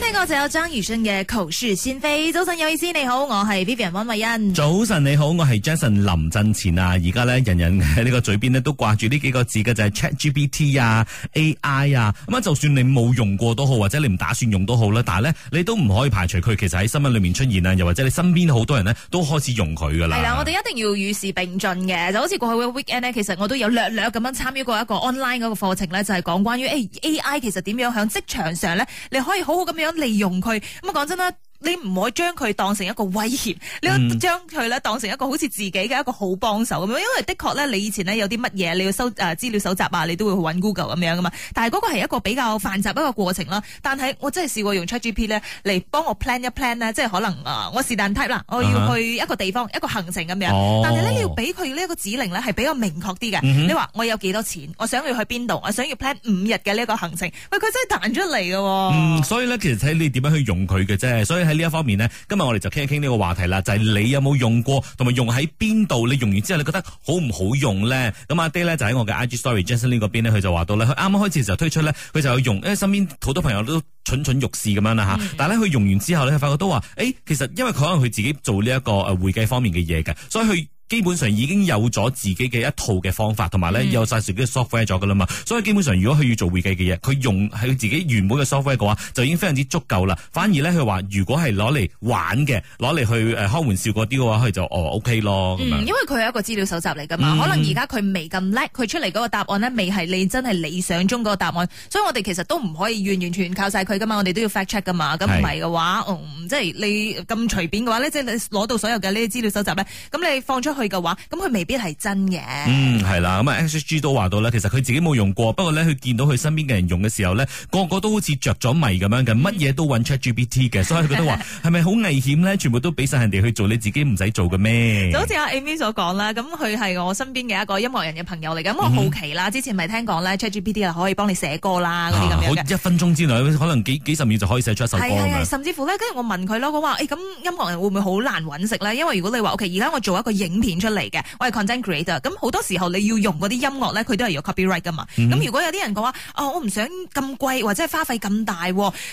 聽我就有張宇迅嘅《口是心非》早晨，有意思你好，我係 Vivian 溫慧欣。早晨你好，我係 Jason 林振前啊！而家咧，人人喺呢個嘴邊呢都掛住呢幾個字嘅就係 ChatGPT 啊、AI 啊。咁啊，就算你冇用過都好，或者你唔打算用都好啦。但係咧，你都唔可以排除佢其實喺新聞裏面出現啊，又或者你身邊好多人呢都開始用佢噶啦。係啦，我哋一定要與時並進嘅，就好似過去嘅 Weekend 呢，其實我都有略略咁樣參與過一個 online 嗰個課程咧，就係講關於、欸、AI 其實點樣響職場上咧，你可以好好咁樣，利用佢，咁啊講真啦。你唔可以將佢當成一個威脅，你要將佢咧當成一個好似自己嘅一個好幫手咁樣，嗯、因為的確咧，你以前咧有啲乜嘢你要收誒資料搜集啊，你都會去揾 Google 咁樣噶嘛。但係嗰個係一個比較繁雜一個過程啦。但係我真係試過用 ChatGPT 咧嚟幫我 plan 一 plan 即係可能啊，我是但 type 啦，我要去一個地方、uh-huh. 一個行程咁樣。但係咧你要俾佢呢個指令咧係比較明確啲嘅。Uh-huh. 你話我有幾多錢，我想要去邊度，我想要 plan 五日嘅呢一個行程，喂，佢真係彈出嚟嘅。嗯，所以咧其實睇你點樣去用佢嘅啫，所以。喺呢一方面呢，今日我哋就傾一傾呢個話題啦，就係、是、你有冇用過，同埋用喺邊度？你用完之後你覺得好唔好用咧？咁阿爹咧就喺我嘅 IG Story Jason Lee 嗰邊咧，佢 就話到咧，佢啱啱開始時候推出咧，佢就有用，因為身邊好多朋友都蠢蠢欲試咁樣啦吓。但係咧，佢用完之後咧，佢發覺都話，誒、欸，其實因為佢可能佢自己做呢一個誒會計方面嘅嘢嘅，所以佢。基本上已經有咗自己嘅一套嘅方法，同埋咧有晒自己嘅 software 咗噶啦嘛，所以基本上如果佢要做會計嘅嘢，佢用係佢自己原本嘅 software 嘅話，就已經非常之足夠啦。反而咧佢話，如果係攞嚟玩嘅，攞嚟去開玩笑嗰啲嘅話，佢就哦 OK 咯。嗯，因為佢係一個資料搜集嚟噶嘛，嗯，可能而家佢未咁叻，佢出嚟嗰個答案呢，未係你真係理想中嗰個答案，所以我哋其實都唔可以完完全靠晒佢噶嘛，我哋都要 fact check 噶嘛。咁唔係嘅話，嗯，即係你咁隨便嘅話咧，即係攞到所有嘅呢啲資料搜集呢，咁你放出佢嘅話，咁佢未必係真嘅。嗯，係啦，咁啊，H G 都話到啦，其實佢自己冇用過，不過咧，佢見到佢身邊嘅人用嘅時候咧，個個都好似着咗迷咁樣嘅，乜嘢都搵 Chat GPT 嘅，所以佢覺得話，係咪好危險咧？全部都俾晒人哋去做，你自己唔使做嘅咩？就好似阿 Amy 所講啦，咁佢係我身邊嘅一個音樂人嘅朋友嚟嘅，咁我好奇啦，嗯，之前咪聽講咧，Chat GPT 又可以幫你寫歌啦，嗰啲咁樣。好，一分鐘之內，可能幾幾十秒就可以寫出一首歌嘅。甚至乎咧，跟住我問佢咯，我話誒，咁，欸，音樂人會唔會好難搵食咧？因為如果你話 o 而家我做一個影片。出嚟嘅，我係 content creator，咁好多時候你要用嗰啲音樂咧，佢都係有 copyright 噶嘛。咁、mm-hmm。如果有啲人講話，哦，我唔想咁貴或者係花費咁大、啊，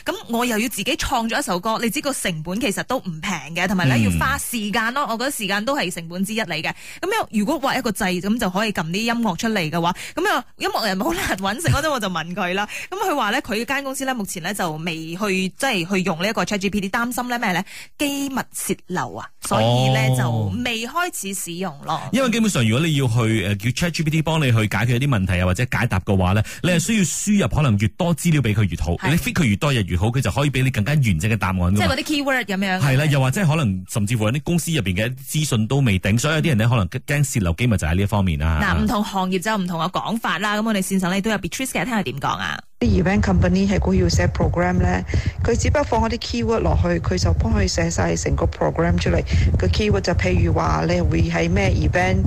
咁我又要自己創作一首歌，你知個成本其實都唔平嘅，同埋咧要花時間咯、啊。我覺得時間都係成本之一嚟嘅。咁如果畫一個掣，咁就可以撳啲音樂出嚟嘅話，咁啊音樂人好難搵食，嗰陣 我就問佢啦。咁佢話咧佢間公司咧目前咧就未去即係去用 chargpt，呢一個 ChatGPT，擔心咩咧機密泄漏啊，所以咧、oh。就未開始使用咯，因為基本上如果你要去誒叫 Chat GPT 幫你去解決一啲問題啊，或者解答嘅話咧，你係需要輸入可能越多資料俾佢越好，你 fit 佢越多嘢越好，佢就可以俾你更加完整嘅答案。即係嗰啲 keyword 咁樣。係啦，又或者可能甚至乎有啲公司入邊嘅資訊都未頂，所以有啲人咧可能驚泄露機密就喺呢一方面啊。嗱，唔同行業就有唔同嘅講法啦。咁我哋綫上都有 Beatrice 嘅，聽佢點講啊？event company 係佢要寫 program 咧，佢只不過放一啲 keyword 落去，佢就幫佢寫晒成個 program 出嚟。個 keyword 就譬如話咧，會喺咩 event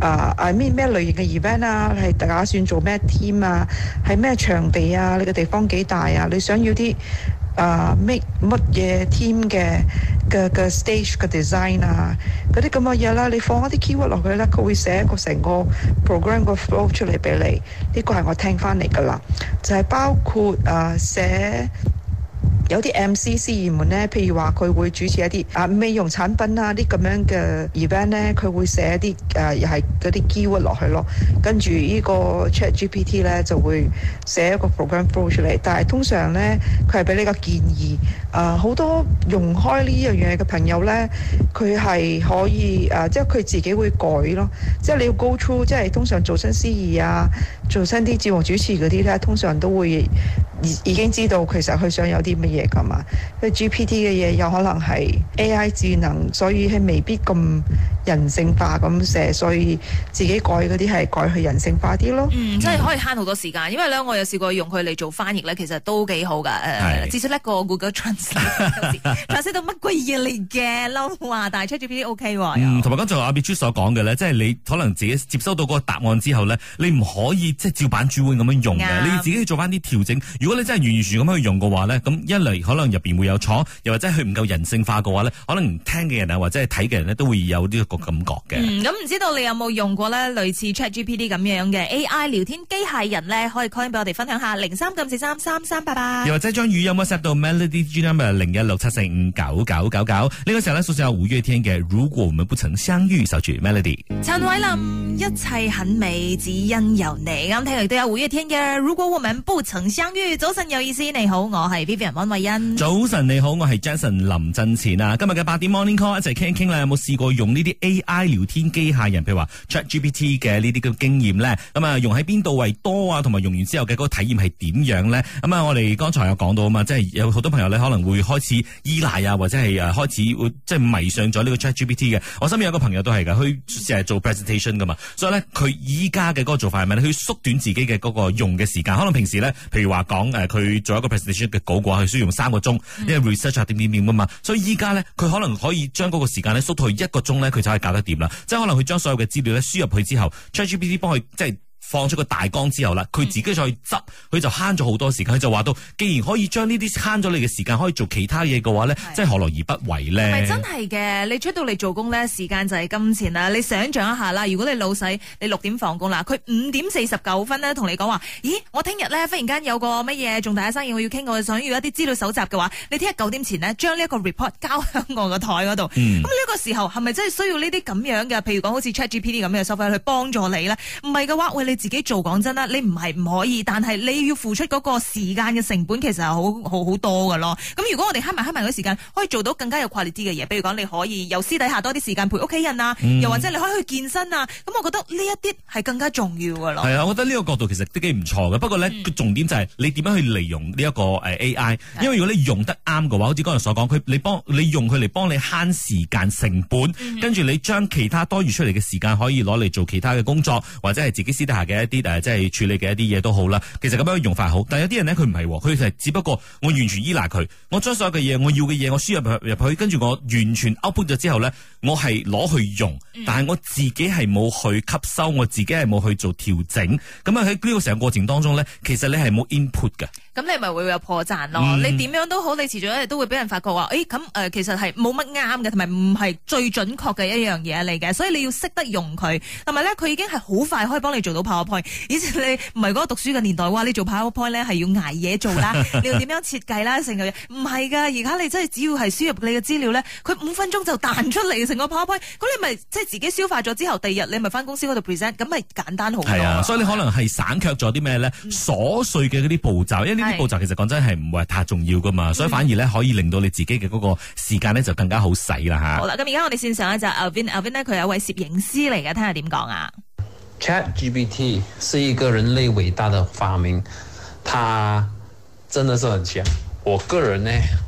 啊啊咩咩類型嘅 event 啊，係打算做咩 team 啊，係咩場地啊，呢個地方幾大啊，你想要啲。啊 make 乜嘢 team 嘅嘅嘅 stage 嘅 design 啊，嗰啲咁嘅嘢啦，你放一啲 keyword 落去咧，佢會寫一個成個 program 嘅 flow 出嚟俾你。呢個係我聽翻嚟噶啦，就係包括啊寫。有啲 M.C. 司儀們咧，譬如話佢會主持一啲啊美容產品啊啲咁樣嘅 event 咧，佢會寫一啲誒又、呃、係嗰啲 keyword 落去咯，跟住呢個 ChatGPT 咧就會寫一個 program flow 出嚟，但係通常咧佢係俾你個建議啊，好、呃、多用開呢樣嘢嘅朋友咧，佢係可以誒、呃，即係佢自己會改咯，即係你要 go through，即係通常做新司儀啊，做新啲節目主持嗰啲咧，通常都會。已經知道其實佢想有啲乜嘢噶嘛，因為 GPT 嘅嘢有可能係 AI 智能，所以係未必咁。人性化咁寫，所以自己改嗰啲係改去人性化啲咯。嗯，即係可以慳好多時間，因為咧我有試過用佢嚟做翻譯咧，其實都幾好㗎、呃。至少叻過 Google Translate 到乜鬼嘢嚟嘅話，但係住 O K 喎。嗯，同埋剛才阿 B 所講嘅咧，即係你可能自己接收到個答案之後咧，你唔可以即照板煮碗咁樣用嘅，你要自己做翻啲調整。如果你真係完完全咁樣去用嘅話咧，咁一嚟可能入邊會有錯，又或者佢唔夠人性化嘅話咧，可能聽嘅人或者係睇嘅人都會有呢、這個感覺嘅，咁唔知道你有冇用過咧，類似 ChatGPT 咁樣嘅 AI 聊天機械人咧，可以 call 俾我哋分享下，零三九四三三三八八，又或者將語音 WhatsApp 到 Melody g Number 零一六七四五九九九九，呢個時候咧送上五月天嘅《如果我們不曾相遇》，守住 Melody。陳偉林，一切很美，只因有你。啱聽，亦都有五月天嘅《如果我們不曾相遇》。早晨有意思，你好，我係 Vivian 溫慧欣。早晨你好，我係 Jason 林振前啊。今日嘅八點 Morning Call 一齊傾一傾啦，有冇試過用呢 a- 啲 A.I. 聊天機械人，譬如話 ChatGPT 嘅呢啲嘅經驗咧，咁啊用喺邊度為多啊，同埋用完之後嘅個體驗係點樣咧？咁啊，我哋剛才有講到啊嘛，即係有好多朋友咧可能會開始依賴啊，或者係誒開始會即係迷上咗呢個 ChatGPT 嘅。我身邊有個朋友都係噶，佢成日做 presentation 噶嘛，所以咧佢依家嘅個做法係咪咧？佢縮短自己嘅個用嘅時間，可能平時咧，譬如話講誒佢做一個 presentation 嘅稿話，佢需要用三個鐘，因為 research 下點點點啊嘛，所以依家咧佢可能可以將個時間咧縮到一個鐘咧，佢就。可以搞得掂啦，即 係樂、就是、可能佢將所有嘅資料咧輸入去之後，ChatGPT 幫佢即係，就是放出個大綱之後啦，佢自己再執，佢就慳咗好多時間。佢、嗯、就話到，既然可以將呢啲慳咗你嘅時間，可以做其他嘢嘅話呢，即係何樂而不為呢？係咪真係嘅？你出到嚟做工呢，時間就係金錢啦。你想像一下啦，如果你老細你六點放工啦，佢五點四十九分呢同你講話，咦，我聽日呢，忽然間有個乜嘢重大生意我要傾，我想要一啲資料搜集嘅話，你聽日九點前呢將呢一個 report 交響我個台嗰度。咁、嗯、呢個時候係咪真係需要呢啲咁樣嘅，譬如講好似 ChatGPT 咁嘅手法去幫助你呢？唔係嘅話，喂你。自己做，講真啦，你唔係唔可以，但係你要付出嗰個時間嘅成本，其實係好好好多噶咯。咁如果我哋慳埋慳埋嗰時間，可以做到更加有跨越啲嘅嘢。比如講，你可以由私底下多啲時間陪屋企人啊，又或者你可以去健身啊。咁、嗯、我覺得呢一啲係更加重要噶咯。係啊，我覺得呢個角度其實都幾唔錯嘅。不過呢個、嗯、重點就係你點樣去利用呢一個誒 AI。因為如果你用得啱嘅話，好似剛才所講，你幫你用佢嚟幫你慳時間成本，跟住你將其他多餘出嚟嘅時間可以攞嚟做其他嘅工作，或者係自己私底下。嘅一啲誒，即係處理嘅一啲嘢都好啦。其實咁樣用法好，但係有啲人咧，佢唔係喎，佢係只不過我完全依賴佢，我將所有嘅嘢，我要嘅嘢，我輸入入去，跟住我完全 open 咗之後咧。我係攞去用，但係我自己係冇去吸收，我自己係冇去做調整。咁啊喺呢個成個過程當中咧，其實你係冇 input 嘅。咁、嗯、你咪會有破綻咯。你點樣都好，你遲早一日都會俾人發覺話：誒咁誒，其實係冇乜啱嘅，同埋唔係最準確嘅一樣嘢嚟嘅。所以你要識得用佢，同埋咧佢已經係好快可以幫你做到 PowerPoint。以前你唔係嗰個讀書嘅年代，話，你做 PowerPoint 咧係要捱夜做啦，你要點樣設計啦，成 個嘢唔係㗎。而家你真係只要係輸入你嘅資料咧，佢五分鐘就彈出嚟。成個 powerpoint 咁你咪即係自己消化咗之後，第二日你咪翻公司嗰度 present，咁咪簡單好多。係啊，所以你可能係省卻咗啲咩咧？瑣碎嘅嗰啲步驟，因為呢啲步驟其實講真係唔係太重要噶嘛，所以反而咧可以令到你自己嘅嗰個時間咧就更加好使啦吓。好啦，咁而家我哋線上咧就阿 Vin，阿 Vin 咧佢有一位攝影師嚟嘅，聽下點講啊。ChatGPT 是一個人類偉大的發明，它真的是很強。我個人呢。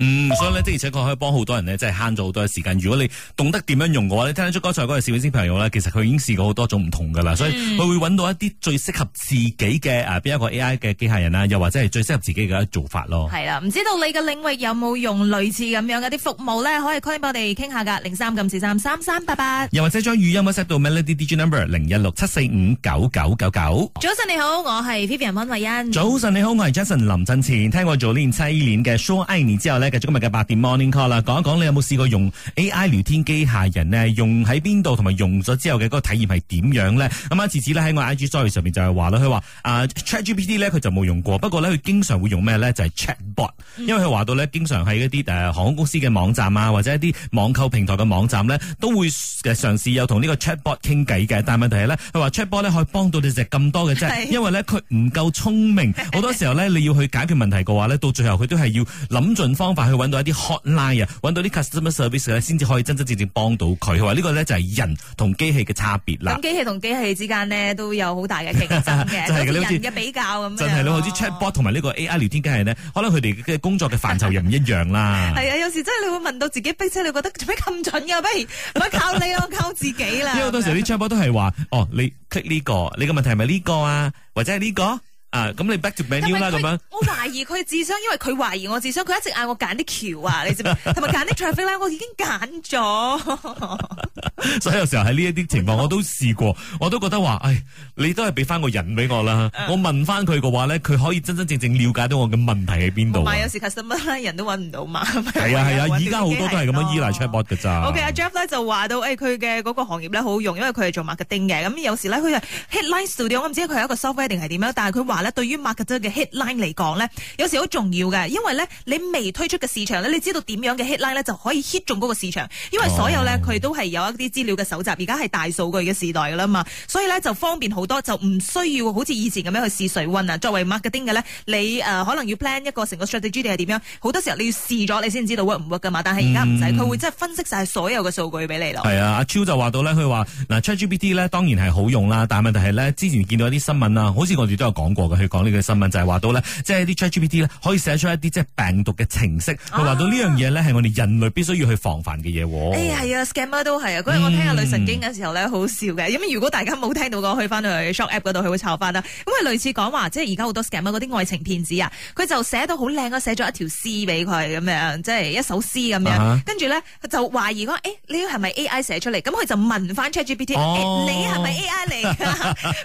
嗯，所以呢，即而且佢可以幫好多人呢，即係慳咗好多嘅時間。如果你懂得點樣用嘅話，你聽得出剛才嗰位攝影師朋友呢，其實佢已經試過好多種唔同噶啦、嗯，所以佢會揾到一啲最適合自己嘅啊，邊一個 A.I. 嘅機械人啊，又或者係最適合自己嘅做法咯。係啦，唔知道你嘅領域有冇用類似咁樣嘅啲服務呢？可以 call 俾我哋傾下噶。零三九四三三三八八。又或者將語音 set 到 Melody DJ Number 零一六七四五九九九九。早晨你好，我係 Vivian 温慧欣。早晨你好，我係 Jason 林振前。聽過早年七年嘅 I You 之後繼續今日嘅八點 Morning Call 啦，講一講你有冇試過用 AI 聊天機械人咧？用喺邊度同埋用咗之後嘅嗰個體驗係點樣咧？咁啊，哲子咧喺我 IG Story 上面就係話啦，佢話啊 ChatGPT 咧佢就冇用過，不過咧佢經常會用咩咧？就係、是、Chatbot，因為佢話到咧，經常喺一啲誒航空公司嘅網站啊，或者一啲網購平台嘅網站咧，都會嘅嘗試有同呢個 Chatbot 傾偈嘅。但問題係咧，佢話 Chatbot 咧可以幫到你就咁多嘅啫，因為咧佢唔夠聰明，好多時候咧你要去解決問題嘅話咧，到最後佢都係要諗盡方。快去揾到一啲 hotline 啊，揾到啲 customer service 咧，先至可以真真正正幫到佢。佢話，呢個咧就係人同機器嘅差別啦。咁機器同機器之間咧，都有好大嘅競爭嘅、 就係。就係、是、咧，人嘅比較咁樣。真係咧，好似 chatbot 同埋呢個 AI 聊天機器咧，可能佢哋嘅工作嘅範疇又唔一樣啦。係 啊，有時真係你會問到自己，逼車，你覺得做咩咁蠢㗎、啊？不如唔靠你， 我靠自己啦。因為好多時啲 chatbot 都係話，哦，你 click 呢、呢個，你嘅問題係咪呢個啊，或者係、這、呢個？ 啊，咁你 back to menu 啦咁樣。我懷疑佢智商，因為佢懷疑我智商。佢一直嗌我揀啲橋啊，你知唔知？同埋揀啲 traffic 啦、啊，我已經揀咗。 所以有時候喺呢一啲情況， 我都試過，我都覺得話，唉，你都係俾翻個人俾我啦、呃。我問翻佢嘅話呢，佢可以真真正正了解到我嘅問題喺邊度。唔係，有時卡實乜啦，人都揾唔到嘛。係啊係啊，而家好多都係咁樣依賴 chatbot 嘅咋。OK，阿 Jeff 就話到，唉、哎，佢嘅嗰個行業咧好好用，因為佢係做 marketing 嘅。咁有時佢係 headline studio 我唔知佢係一個 software 定係點樣，但係佢話。對對於 market 嘅 headline 嚟講咧，有時好重要嘅，因為咧你未推出嘅市場咧，你知道點樣嘅 headline 咧就可以 hit 中嗰個市場，因為所有咧佢、哦、都係有一啲資料嘅搜集，而家係大數據嘅時代噶啦嘛，所以咧就方便好多，就唔需要好似以前咁樣去試水溫啊。作為 marketing 嘅咧，你誒、呃、可能要 plan 一個成個 strategy 係點樣，好多時候你要試咗你先知道 work 唔 work 噶嘛，但係而家唔使，佢、嗯、會即係分析晒所有嘅數據俾你咯。係啊，阿超就話到咧，佢話嗱 ChatGPT 咧當然係好用啦，但係問題係咧之前見到一啲新聞啊，好似我哋都有講過嘅去講呢個新聞就係話到咧，即、就、係、是、啲 ChatGPT 咧可以寫出一啲即係病毒嘅程式。佢、啊、話到呢樣嘢咧係我哋人類必須要去防範嘅嘢。誒係啊，scammer 都係啊。嗰、哎、日、嗯、我聽下女神經嘅時候咧好笑嘅。咁如果大家冇聽到嘅，可以翻到去 Shop App 嗰度佢會抄翻啦。咁佢類似講話，即係而家好多 scammer 嗰啲愛情騙子啊，佢就寫到好靚咯，寫咗一條詩俾佢咁樣，即係一首詩咁樣。跟住咧就懷疑講，誒、哎、你係咪 AI 寫出嚟？咁佢就問翻 ChatGPT，哦哎、你係咪 AI 嚟？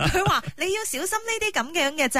佢 話你要小心呢啲咁樣嘅。詐騙咁，即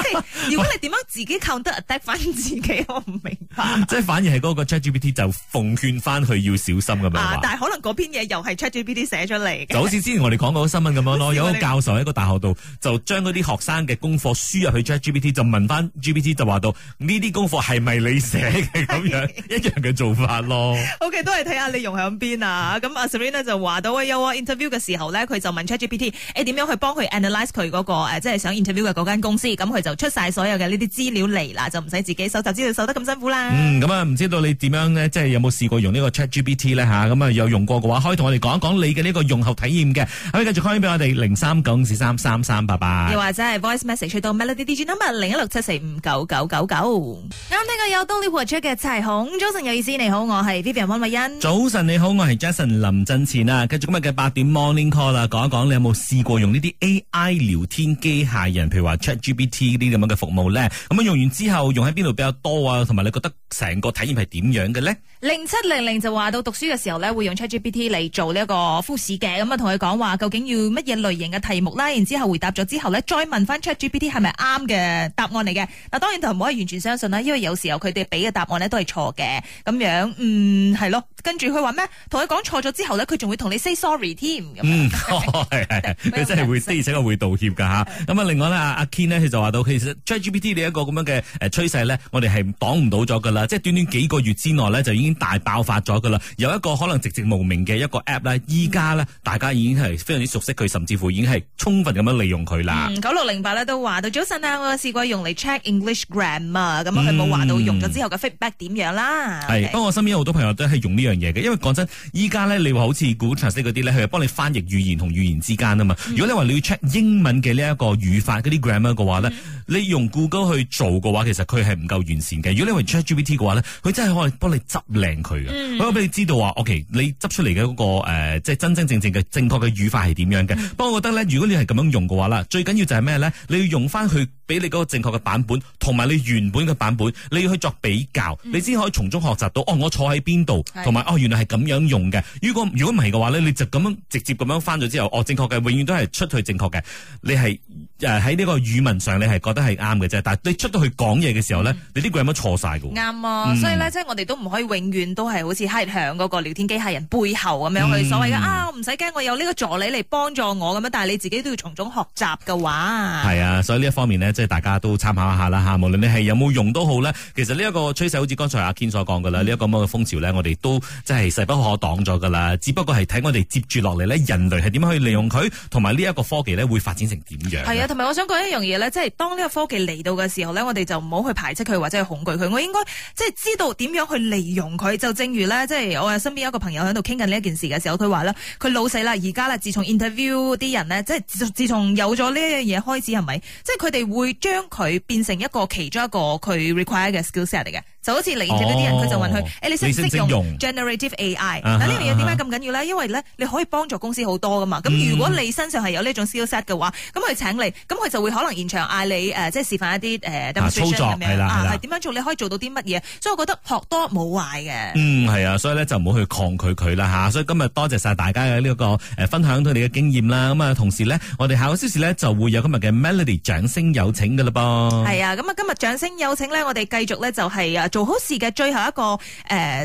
係如果你點樣自己靠得得翻自己，我唔明白， 即係反而係嗰個 ChatGPT 就奉勸翻佢要小心咁樣、啊、但係可能嗰篇嘢又係 ChatGPT 寫出嚟。就好似之前我哋講過個新聞咁樣咯、啊，有個教授喺個大學度就將嗰啲學生嘅功課輸入去 ChatGPT，就問翻 GPT 就話到呢啲功課係咪你寫嘅咁樣一樣嘅做法咯。 OK，都係睇下你用響邊啊。咁阿 Serena 就話到啊、哎，有 interview 嘅時候咧，佢就問 ChatGPT 誒、哎、點樣去幫佢 analyse 佢嗰、那個、呃、即係想 interview 嘅嗰。間公司，咁佢就出晒所有嘅呢啲資料嚟啦，就唔使自己搜集資料搜集得咁辛苦啦。咁、嗯、啊，唔、嗯、知道你點樣咧，即係有冇試過用呢個 Chat GPT 咧吓？咁啊、嗯，有用過嘅話，可以同我哋講一講你嘅呢個用後體驗嘅。可以繼續 call 俾我哋零三九五四三三三，八八。又或者係 Voice Message 到 Melody DJ 號碼零一六七四五九九九九。啱啱聽個有 Dolly Voice 嘅齊紅，早晨有意思，你好，我係 Vivian 溫慧欣。早晨你好，我係 Jason 林振前啊。繼續今日嘅八點 Morning Call 啦，講一講你有冇試過用呢啲 AI 聊天機械人，話 ChatGPT 呢啲咁樣嘅服務咧，咁啊用完之後用喺邊度比較多啊？同埋你覺得成個體驗係點樣嘅咧？零七零零就話到讀書嘅時候咧，會用 ChatGPT 嚟做呢一個敷試嘅，咁啊同佢講話究竟要乜嘢類型嘅題目啦？然之後回答咗之後咧，再問翻 ChatGPT 係咪啱嘅答案嚟嘅。嗱，當然就唔可以完全相信啦，因為有時候佢哋俾嘅答案咧都係錯嘅咁樣。嗯，係咯，跟住佢話咩？同佢講錯咗之後咧，佢仲會同你 say sorry 添。嗯，係 係，佢真係會而且會道歉噶吓。咁啊，另外啦。阿 Ken 呢，佢就話到，其實 ChatGPT 呢一個咁樣嘅誒趨勢咧，我哋係擋唔到咗噶啦，即係短短幾個月之內咧，就已經大爆發咗噶啦。有一個可能籍籍無名嘅一個 App 咧，依家咧大家已經係非常之熟悉佢，甚至乎已經係充分咁樣利用佢啦。九六零八咧都話到，早晨啊，我試過用嚟 check English grammar，咁佢冇話到用咗之後嘅 feedback 點樣啦。係、嗯，不過、okay、我身邊好多朋友都係用呢樣嘢嘅，因為講真，依家咧你話好似 Google Translate 嗰啲咧，佢係幫你翻譯語言同語言之間啊嘛、嗯。如果你話你要 check 英文嘅呢一個語法啲。gram 嘅話咧，你用谷歌去做嘅話，其實佢係唔夠完善嘅。如果你用 ChatGPT 嘅話咧，佢真係可以幫你執靚佢嘅，可以俾你知道話，OK，你執出嚟嘅嗰個誒，即係真真正正嘅正確嘅語法係點樣嘅。不過我覺得咧，如果你係咁樣用嘅話啦，最緊要就係咩咧？你要用翻佢俾你嗰個正確嘅版本，同埋你原本嘅版本，你要去作比較，你先可以從中學習到哦。我坐喺邊度，同埋哦，原來係咁樣用嘅。如果如果唔係嘅話咧，你就咁樣直接咁樣翻咗之後，哦，正確嘅，永遠都係出去正確嘅，你係。誒，喺呢個語文上你你，嗯，你係覺得係啱嘅啫。但係你出到去講嘢嘅時候咧，你呢句有冇錯晒啱啊？所以咧，即係我哋都唔可以永遠都係好似喺響嗰個聊天機械人背後咁樣去，嗯、所謂嘅啊，唔使驚，我有呢個助理嚟幫助我咁樣。但係你自己都要從中學習嘅話，係啊。所以呢一方面呢，即係大家都參考一下啦吓。無論你係有冇用都好呢。其實呢一個趨勢，好似剛才阿堅所講嘅啦，呢、這、一個咁嘅風潮咧，我哋都即係勢不可擋咗噶啦。只不過係睇我哋接住落嚟，呢人類係點樣去利用佢，同埋呢一個科技呢會發展成點樣。同埋，我想講一樣嘢咧，即係當呢個科技嚟到嘅時候咧，我哋就唔好去排斥佢或者係恐懼佢。我應該即係知道點樣去利用佢。就正如咧，即係我身邊有一個朋友喺度傾緊呢一件事嘅時候，佢話咧，佢老細啦，而家呢，自從 interview 啲人咧，即係自從有咗呢樣嘢開始，係咪？即係佢哋會將佢變成一個其中一個佢 require 嘅 skill set 嚟嘅。就好似嚟嘅嗰啲人，佢就問佢，誒，你識唔識用 generative AI？嗱，呢樣嘢點解咁緊要咧？因為咧，你可以幫助公司好多噶嘛。咁如果你身上係有呢種 skill set 嘅話，咁佢請你，咁佢就會可能現場嗌你誒，即係示範一啲誒，操作係啦，係點樣做？你可以做到啲乜嘢？所以我覺得學多冇壞嘅。嗯，係啊，所以咧就唔好去抗拒佢啦嚇。所以今日多謝曬大家嘅呢個誒分享到你嘅經驗啦。咁啊，同時咧，我哋下個小時咧就會有今日嘅 Melody 掌聲有請嘅嘞噃。係啊，咁啊，今日掌聲有請咧，我哋繼續咧就係啊。做好事嘅最後一個誒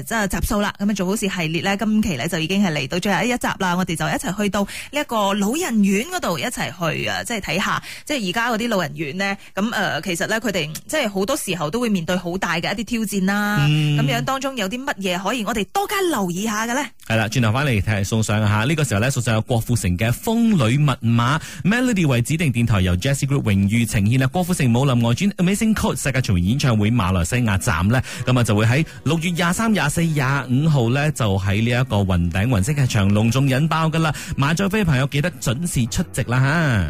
即係集數啦。咁啊，做好事系列咧，今期咧就已經係嚟到最後一集啦。我哋就一齊去到呢一個老人院嗰度一齊去啊，即係睇下，即係而家嗰啲老人院咧，咁、呃、誒其實咧佢哋即係好多時候都會面對好大嘅一啲挑戰啦。咁、嗯、樣當中有啲乜嘢可以我哋多加留意下嘅咧？係啦，轉頭翻嚟睇下送上下呢看看下、這個時候咧送上郭富城嘅《風裏密碼》melody 為指定電台由 Jesse Group 榮譽呈，呈現啦。郭富城舞林外傳 Amazing Code 世界巡迴演唱會馬來西亞站咧，咁啊，就會喺六月廿三、廿四、廿五號咧，就喺呢一個雲頂雲色嘅場隆重引爆噶啦，買咗飛朋友記得準時出席啦吓。